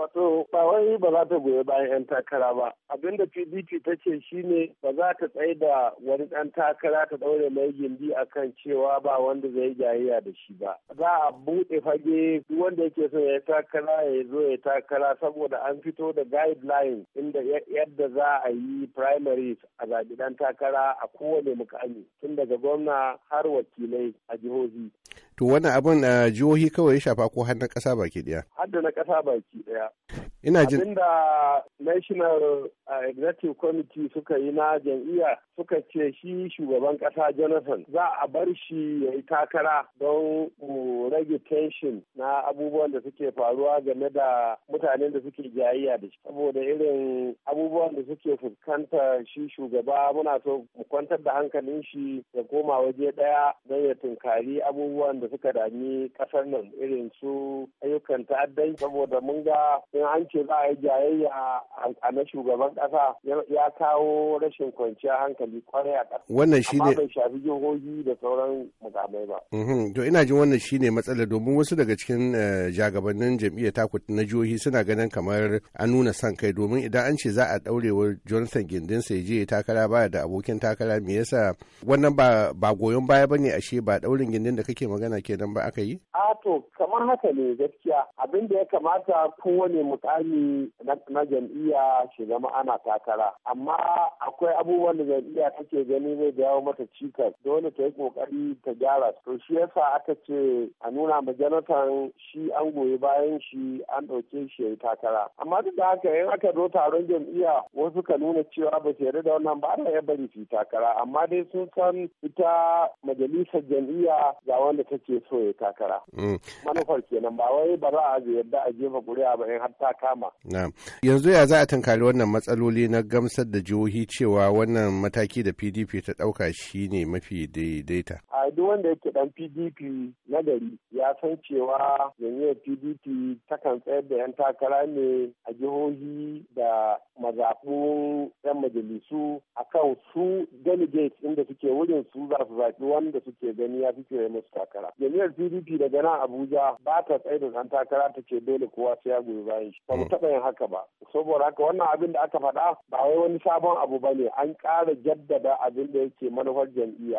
Wato ba wai ba za ta goyi bayan 'yan takara ba. abinda PDP ta ce shine ba za ta tsaye da wani ɗan takara ta ɗaure mai gindi a kan cewa ba wanda zai jayayya da shi ba. Za a buɗe fage wanda yake so ya takara ya zo ya takara saboda an fito da guidelines inda yadda za a yi primaries a zaɓi ɗan takara a kowane mukami tun daga gwamna har wakilai a jihohi. To wani abin a jihohi kawai ya shafa ko har na ƙasa baki ɗaya? Hadda na ƙasa baki ɗaya. Ina jin. Abinda National Executive Committee suka yi na jam'iyya suka ce shi shugaban ƙasa Jonathan za a bar shi ya yi takara don mu rage tension na abubuwan da suke faruwa game da mutanen da suke jayayya da shi saboda irin abubuwan da suke fuskanta shi shugaba muna so mu kwantar da hankalin shi ya koma waje daya don ya tunkari abubuwan da suka dami kasar nan irin su ayyukan ta'addanci saboda mun ga in an ce za a yi jayayya a na shugaban kasa ya kawo rashin kwanciyar hankali kwarai a kasa wannan shine bai shafi jihohi da sauran mukamai ba uhm, to ina jin wannan shine matsala domin wasu daga cikin eh, jagabannin jam'iyyar taku na jihohi suna ganin kamar an nuna son kai domin idan an ce za a ɗaurewa jonathan gindin sai je takara baya da abokin takara me yasa wannan ba goyon baya bane ashe ba daurin gindin da kake magana kenan ba aka yi to kamar haka ne gaskiya abin da ya kamata kowane mukami na jam'iyya shi zama ana takara amma akwai abubuwan da jam'iyya take gani zai jawo mata cikas dole ta yi kokari ta gyara to shi yasa aka ce a nuna ma janatan shi an goyi bayan shi an ɗauke shi ya takara amma duk da haka yin aka zo taron jam'iyya wasu ka nuna cewa ba su yarda da wannan ba ana ya bari su takara amma dai sun san ita majalisar jam'iyya ga wanda take so ya takara. Mm. manufar kenan ba wai ba za a yadda a jefa kuri'a ba in har ta kama yanzu ya za a tunkari wannan matsaloli na gamsar da jihohi cewa wannan mataki da pdp ta ɗauka shi ne mafi daidaita a duk wanda yake dan pdp na gari ya san cewa jami'ar pdp takan tsayar da 'yan takara ne a jihohi da mazaɓun 'yan majalisu a kan su delegates inda suke wurin su za su zaɓi wanda suke gani ya fi fiye musu takara jami'ar pdp daga nan abuja ba ta tsaye da 'yan takara ta ce dole kowa sai ya goyi bayan shi ba mu mm. taɓa yin haka ba saboda haka wannan abin da aka faɗa ba wai wani sabon abu ba ne an ƙara jaddada abin da yake manufar jam'iyya